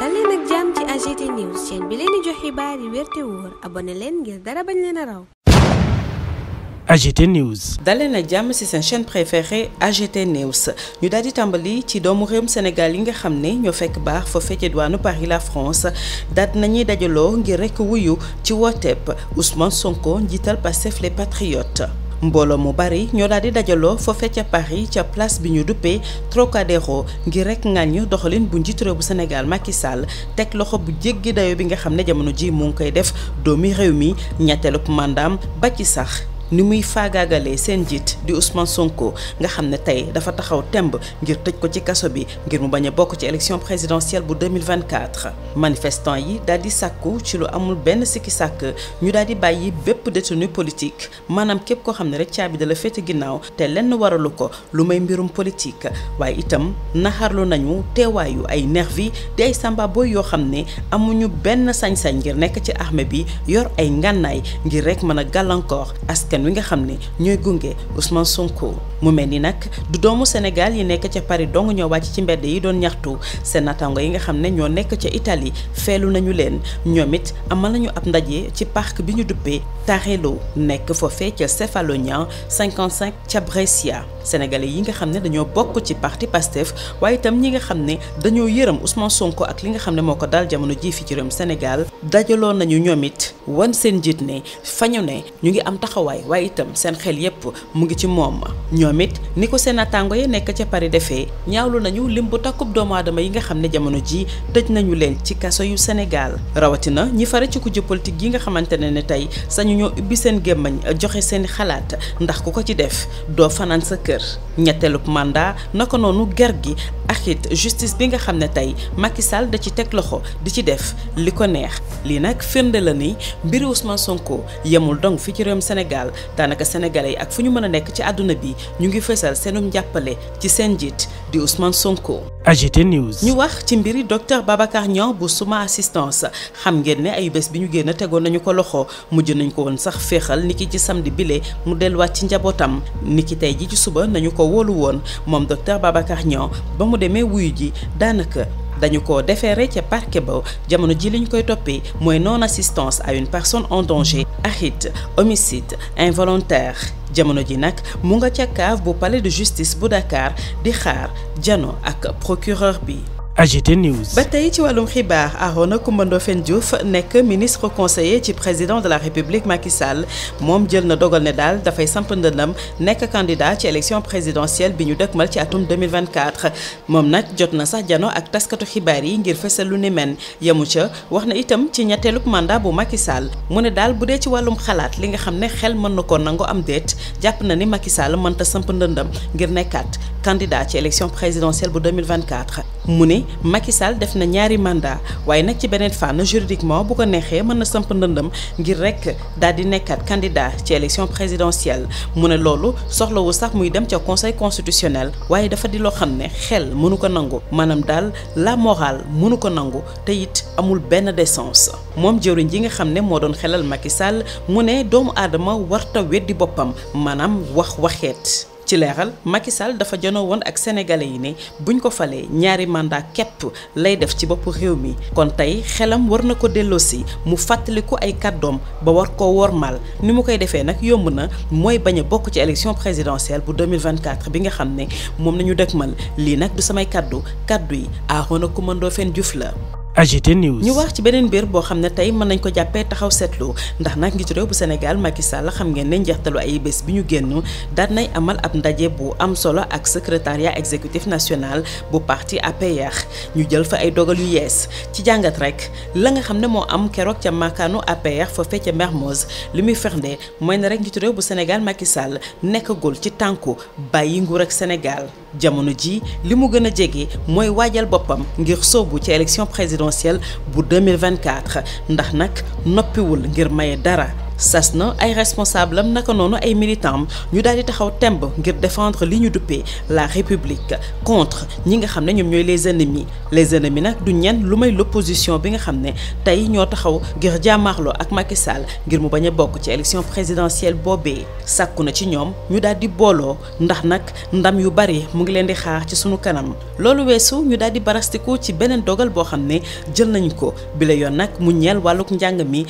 dal leen ak AGT news chaîne bi leen di jox xibaar yi wér daleen jàmm ci seen chaîne préférée AGT News ñu daal tàmbali ci doomu réewum Sénégal yi nga xam ne ñoo fekk baax fa fecce douane Paris la France daat nañuy dajaloo ngir rekk wuyu ci wooteeb Ousmane Sonko njiital Pastef les Patriotes. mbooloo mu bari ñoo daal di dajaloo foofe ca Paris ca place bi ñu duppee Trocadéro ngir rek ñu doxalin bu njiitu bu Sénégal Macky Sall teg loxo bu jéggi dayo bi nga xam ne jamono ji mu ngi koy def doomi réew mi ñetteelub mandaam ba ci sax ni muy faagaagalee seen jiit di Ousmane Sonko nga xam ne tey dafa taxaw temb ngir tëj ko ci kaso bi ngir mu bañ a bokk ci élection présidentielle bu 2024. manifestant yi daal di sàkku ci lu amul benn sikki sàkk ñu daal di bàyyi bépp détenu politique maanaam képp koo xam ne rek caabi dala féete ginnaaw te lenn waralu ko lu may mbirum politique waaye itam naxarlu nañu teewaayu ay nervi di ay samba boy yoo xam ne amuñu benn sañ-sañ ngir nekk ci armée bi yor ay ngànnaay ngir rek mën a gàllankoor askan wi nga xam ne ñooy gunge Ousmane Sonko mu mel ni nag du doomu Sénégal yi nekk ca Paris dong ñoo wàcc ci mbedd yi doon ñaxtu seen natango yi nga xam ne ñoo nekk ca Italie feelu nañu leen ñoomit it amal nañu ab ndaje ci parc bi ñu duppee Tarello nekk foofee ca Cefalonia 55 ca Brescia sénégalais yi nga xam ne dañoo bokk ci parti Pastef waaye itam ñi nga xam ne dañoo yërëm Ousmane Sonko ak li nga xam ne moo ko daal jamono jii fi ci réewum Sénégal dajaloo nañu ñoom it wan seen njiit ne fañu ne ñu ngi am taxawaay waaye itam seen xel yépp mu ngi ci moom ñoom it ni ko seen naataango yi nekk ca Paris defee ñaawlu nañu lim bu takkub doomu aadama yi nga xam ne jamono ji tëj nañu leen ci kaso yu Sénégal rawatina ñi fare ci kujje politique yi nga xamante ne ne tey sañu ñoo seen gémmañ joxe seen xalaat ndax ku ko ci def ñetteelu ñetteelub mandat naka noonu ger gi ak it justice bi nga xam ne tey Macky Sall da ci teg loxo di ci def li ko neex lii nag firnde la ni mbiri Ousmane Sonko yemul dong fi ci réewum Sénégal daanaka sénégalais yi ak fu ñu mën a nekk ci àdduna bi ñu ngi fësal seenum jàppale ci seen njiit di Ousmane Sonko. AGT News. ñu wax ci mbiri docteur Babacar Niang bu suma assistance xam ngeen ne ay bés bi ñu génn tegoon nañu ko loxo mujj nañ ko woon sax féexal niki ci samedi bile mu delluwaat ci njabootam niki tey ji ci suba nañu ko wóolu woon moom docteur Babacar Niang ba mu demee wuyu ji daanaka. dañu ko déféré ca parquet ba jamono ji li koy toppee mooy non assistance à une personne en danger aride homicide involontaire jamono ji nag mu nga ca cave bu pale de justice bu Dakar di xaar jano ak procureur bi AGT News. ba tey ci wàllum xibaar Arona Coumba Ndoffène Diouf nekk ministre conseiller ci président de la république Macky Sall moom jël na dogal ne daal dafay samp ndëndam nekk candidat ci élection présidentielle bi ñu dëkkmal ci atum 2024. moom nag jot na sax jano ak taskatu xibaar yi ngir fësal lu ni men yemu ca wax na itam ci ñetteelub mandat bu Macky Sall mu ne daal bu dee ci wàllum xalaat li nga xam ne xel mën na ko nangu am déet jàpp na ni Macky Sall mënta samp ngir nekkaat candidat ci élection présidentielle bu 2024 mu ne ni Sall def na ñaari mandat waaye nag ci beneen fànn juridiquement bu ko neexee mën na samp ndëndam ngir rek daal di nekkaat candidat ci élection présidentielle mu ne loolu soxlawu sax muy dem ca conseil constitutionnel waaye dafa di loo xam ne xel mënu ko nangu maanaam daal la morale mënu ko nangu tey it amul benn décence moom jëwriñ ji nga xam ne moo doon xelal Macky Sall mu ne doomu aadama warta weddi boppam maanaam wax waxeet ci leeral Macky Sall dafa janoo woon ak sénégalais yi ne buñ ko falee ñaari mandat képp lay def ci bopp réew mi kon tey xelam war na ko delloosi mu fàttaliku ay kàddoom ba war koo wormaal ni mu koy defee nag yomb na mooy bañ bokk ci élection présidentielle bu 2024 bi nga xam ne moom nañu dëgmal lii nag du samay kàddu kàddu yi Arona Coumba Ndoffène Diouf la AGT News. ñu wax ci beneen mbir boo xam ne tey mën nañ ko jàppee taxaw seetlu ndax nag njiitu réew bu Sénégal Macky Sall xam ngeen ne njeextalu ay bés bi ñu génn daan nay amal ab ndaje bu am solo ak secrétariat exécutif national bu parti APR ñu jël fa ay dogal yu yees ci jàngat rek la nga xam ne moo am keroog ca makaanu APR foofee ca Mermoz li muy fexnde mooy ne rek njiitu réew bu Sénégal Macky Sall nekkagul ci tànku bàyyi nguur ak Sénégal. jamono ji li mu gën a jege mooy waajal boppam ngir sóobu ci élection présidentielle bu 2024 ndax nag noppiwul ngir may dara sas na ay responsable naka noonu ay militant ñu daal di taxaw temb ngir défendre li ñu duppee la république contre ñi nga xam ne ñoom ñooy les ennemis les ennemis nag du ñenn lu may l'opposition bi nga xam ne tey ñoo taxaw ngir jàmmaarloo ak Macky ngir mu bañ a bokk ci élection présidentielle boobee sàkku na ci ñoom ñu daal di booloo ndax nag ndam yu bari mu ngi leen di xaar ci sunu kanam loolu weesu ñu daal di barastiku ci beneen dogal boo xam ne jël nañ ko bi la yoon nag mi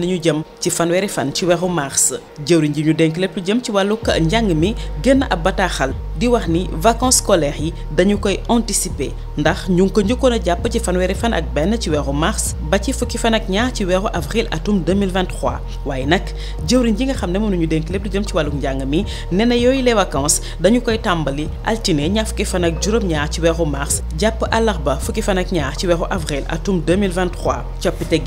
yi jëm ci fanweeri fan ci weeru mars jëwriñ ji ñu dénk lépp lu jëm ci wàllu njàng mi génn ab bataaxal di wax ni vacances scolaires yi dañu koy anticiper ndax ñu ngi ko njëkkoon a jàpp ci fanweeri fan ak benn ci weeru mars ba ci fukki fan ak ñaar ci weeru avril atum 2023 waaye nag jëwriñ ji nga xam ne moom ñu dénk lépp lu jëm ci wàllu njàng mi nee na yooyu les vacances dañu koy tàmbali altine ñaar fukki fan ak juróom-ñaar ci weeru mars jàpp àllarba fukki fan ak ñaar ci weeru avril atum 2023 coppite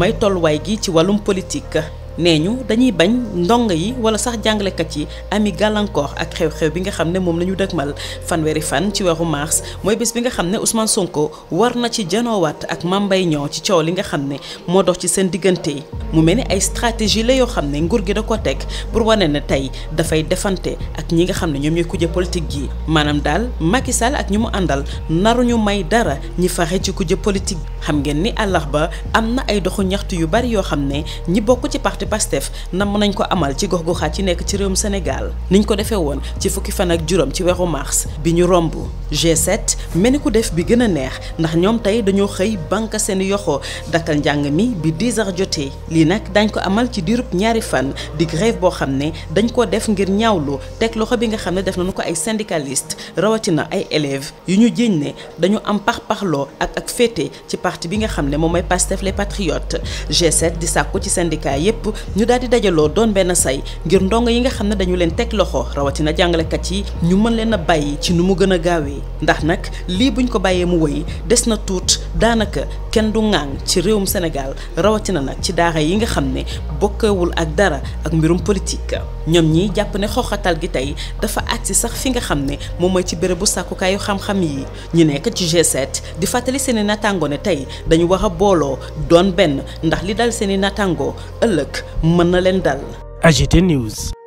may tolluwaay gi ci wàllum politique nee ñu dañuy bañ ndongo yi wala sax jàngalekat yi ami gàllankoor ak xew-xew bi nga xam ne moom la ñu dëgmal fanweeri fan ci weeru mars mooy bés bi nga xam ne Ousmane Sonko war na ci janoowaat ak Mame Mbaye Niang ci coow li nga xam ne moo dox ci seen diggante yi mu mel ni ay stratégie la yoo xam ne nguur gi da ko teg pour wane ne tey dafay defante ak ñi nga xam ne ñoom ñooy kuje politique gi maanaam daal Macky Sall ak ñu mu àndal naru ñu may dara ñi faxe ci politique xam ngeen ni àllarba am na ay doxu yu bari yoo xam Pastef namm nañ ko amal ci gox goxaat ci nekk ci réewum Sénégal niñ ko defee woon ci fukki fan ak juróom ci weexu mars bi ñu romb G7 mel ni ku def bi gën a neex ndax ñoom tey dañoo xëy banque seen yoxo dakkal njàng mi bi 10 heures jotee lii nag dañ ko amal ci diirub ñaari fan di grève boo xam ne dañ ko def ngir ñaawlu teg loxo bi nga xam ne def nañu ko ay syndicaliste rawatina ay élèves yu ñu jéñ ne dañu am pax pax loo ak ak féete ci parti bi nga xam ne moom mooy Pastef les Patriotes G7 di sàkku ci syndicat yépp ñu daal di dajaloo doon benn say ngir ndongo yi nga xam ne dañu leen teg loxo rawatina jàngalekat yi ñu mën leen a bàyyi ci nu mu gën a gaawee ndax nag lii buñ ko bàyyee mu woyi des na tuut daanaka kenn du ŋàng ci réewum Sénégal rawatina nag ci daara yi nga xam ne bokkewul ak dara ak mbirum politique. ñoom ñiy jàpp ne xoxatal gi tey dafa agsi sax fi nga xam ne moom mooy ci bérébu sàkkukaayu xam-xam yi ñu nekk ci G7 di fàttali seen i natango ne tey dañu war a booloo doon benn ndax li dal seen i natango ëllëg mën na leen dal. AGT News.